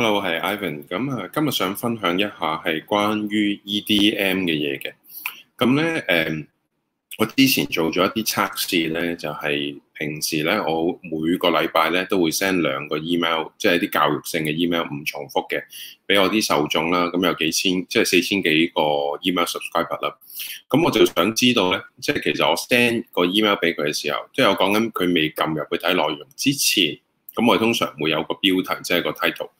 Hello，係 Ivan。咁啊，今日想分享一下係關於 EDM 嘅嘢嘅。咁咧，誒、嗯，我之前做咗一啲測試咧，就係、是、平時咧，我每個禮拜咧都會 send 兩個 email，即係啲教育性嘅 email，唔重複嘅，俾我啲受眾啦。咁有幾千，即係四千幾個 email subscriber 啦。咁我就想知道咧，即係其實我 send 個 email 俾佢嘅時候，即係我講緊佢未撳入去睇內容之前。咁我哋通常會有個標題，即係個 title。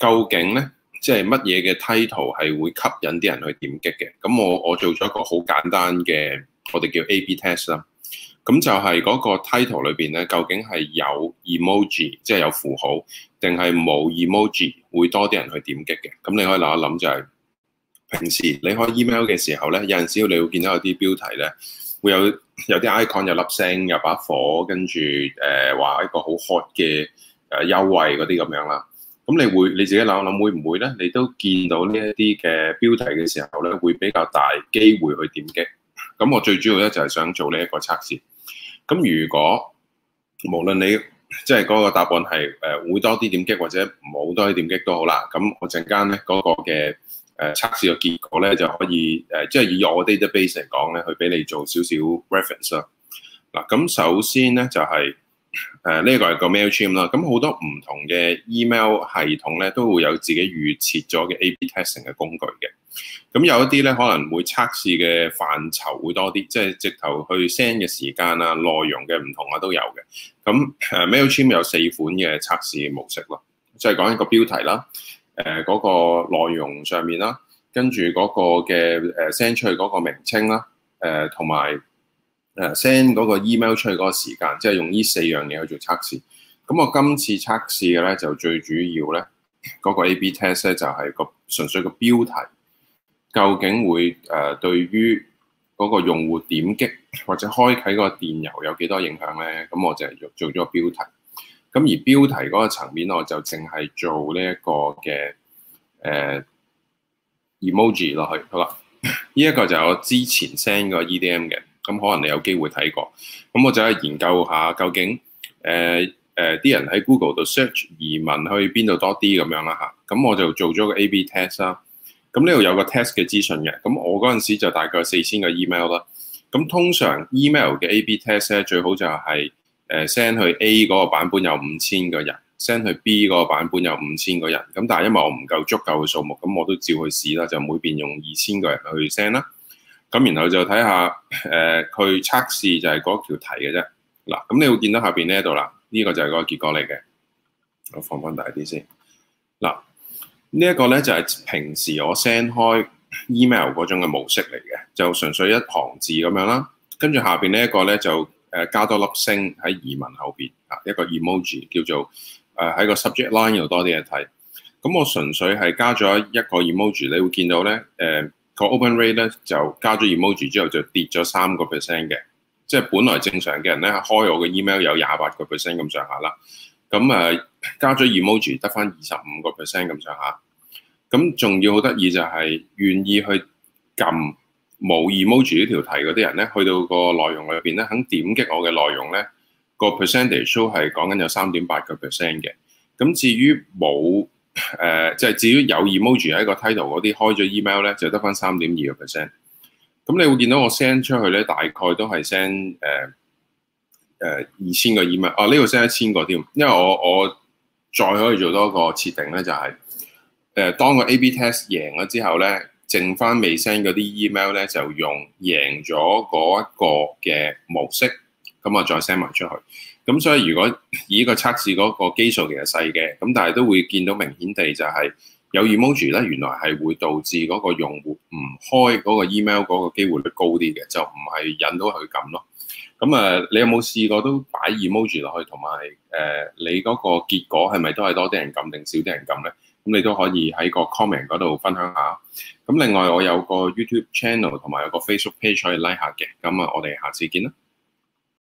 究竟呢，即係乜嘢嘅 title 係會吸引啲人去點擊嘅？咁我我做咗一個好簡單嘅，我哋叫 A/B test 啦。咁就係嗰個 title 裏邊呢，究竟係有 emoji，即係有符號，定係冇 emoji 會多啲人去點擊嘅？咁你可以諗一諗就係，平時你開 email 嘅時候呢，有陣時你會見到有啲標題呢，會有有啲 icon 有粒星，有把火，跟住誒話一個好 hot 嘅。誒優惠嗰啲咁樣啦，咁你會你自己諗諗會唔會咧？你都見到呢一啲嘅標題嘅時候咧，會比較大機會去點擊。咁我最主要咧就係想做呢一個測試。咁如果無論你即係嗰個答案係誒、呃、會多啲點,點擊或者唔好多啲點,點擊都好啦，咁我陣間咧嗰個嘅誒、呃、測試嘅結果咧就可以誒、呃，即係以我 database 嚟講咧，去俾你做少少 reference。嗱，咁首先咧就係、是。誒呢個係個 Mailchimp 啦，咁好多唔同嘅 email 系統咧都會有自己預設咗嘅 AB testing 嘅工具嘅，咁有一啲咧可能會測試嘅範疇會多啲，即係直頭去 send 嘅時間啊、內容嘅唔同啊都有嘅，咁誒、uh, Mailchimp 有四款嘅測試模式咯，即係講一個標題啦，誒、呃、嗰、嗰個內容上面啦，跟住嗰個嘅誒、呃、send 出去嗰個名稱啦，誒同埋，誒，send 嗰個 email 出去嗰個時間，即係用呢四樣嘢去做測試。咁我今次測試嘅咧，就最主要咧，嗰、那個 A/B test 咧就係、是、個純粹個標題，究竟會誒對於嗰個用戶點擊或者開啟嗰個電郵有幾多影響咧？咁我就係做咗個標題。咁而標題嗰個層面，我就淨係做呢一個嘅誒、呃、emoji 落去。好啦，呢、這、一個就係我之前 send 個 EDM 嘅。咁可能你有機會睇過，咁我就係研究下究竟誒誒啲人喺 Google 度 search 移民去邊度多啲咁樣啦吓，咁我就做咗個 A/B test 啦。咁呢度有個 test 嘅資訊嘅，咁我嗰陣時就大概四千個 email 啦。咁通常 email 嘅 A/B test 咧最好就係誒 send 去 A 嗰個版本有五千個人，send 去 B 嗰個版本有五千個人。咁但係因為我唔夠足夠嘅數目，咁我都照去試啦，就每邊用二千個人去 send 啦。咁然後就睇下，誒佢測試就係嗰條題嘅啫。嗱，咁你會見到下邊呢一度啦，呢個就係個結果嚟嘅。我放翻大啲先。嗱，呢一個咧就係平時我 send 開 email 嗰種嘅模式嚟嘅，就純粹一行字咁樣啦。跟住下邊呢一個咧就誒加多粒星喺移民後邊啊，一個 emoji 叫做誒喺個 subject line 度多啲嘢睇。咁我純粹係加咗一個 emoji，你會見到咧誒。個 Open Rate 咧就加咗 emoji 之後就跌咗三個 percent 嘅，即係本來正常嘅人咧開我嘅 email 有廿八個 percent 咁上下啦，咁誒加咗 emoji 得返二十五個 percent 咁上下，咁仲要好得意就係願意去撳冇 emoji 呢條題嗰啲人咧，去到個內容裏邊咧肯點擊我嘅內容咧，個 percentage 都係講緊有三點八個 percent 嘅，咁至於冇。誒，即係至於有 emoji 喺個 title 嗰啲開咗 email 咧，就得翻三點二個 percent。咁、嗯、你會見到我 send 出去咧，大概都係 send 誒誒二千個 email、啊。哦，呢度 send 一千個添，因為我我再可以做多一個設定咧，就係、是、誒、呃、當個 A/B test 贏咗之後咧，剩翻未 send 嗰啲 email 咧，就用贏咗嗰一個嘅模式，咁、嗯、我再 send 埋出去。咁、嗯、所以如果以個測試嗰個基數其實細嘅，咁、嗯、但係都會見到明顯地就係有 emoji 咧，原來係會導致嗰個用戶唔開嗰個 email 嗰個機會率高啲嘅，就唔係引到佢撳咯。咁、嗯、啊，你有冇試過都擺 emoji 落去，同埋誒你嗰個結果係咪都係多啲人撳定少啲人撳咧？咁、嗯、你都可以喺個 comment 嗰度分享下。咁、嗯、另外我有個 YouTube channel 同埋有個 Facebook page 可以拉、like、i 下嘅。咁、嗯、啊，我哋下次見啦。